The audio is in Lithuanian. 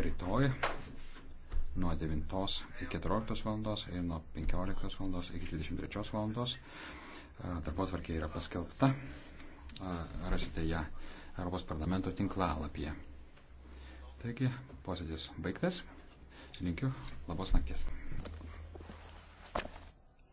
rytoj nuo 9 iki 14 valandos ir nuo 15 valandos iki 23 valandos. E, Darbo tvarkė yra paskelbta. E, rasite ją Europos parlamento tinklalapyje. Taigi, posėdis baigtas. Linkiu labos nakties.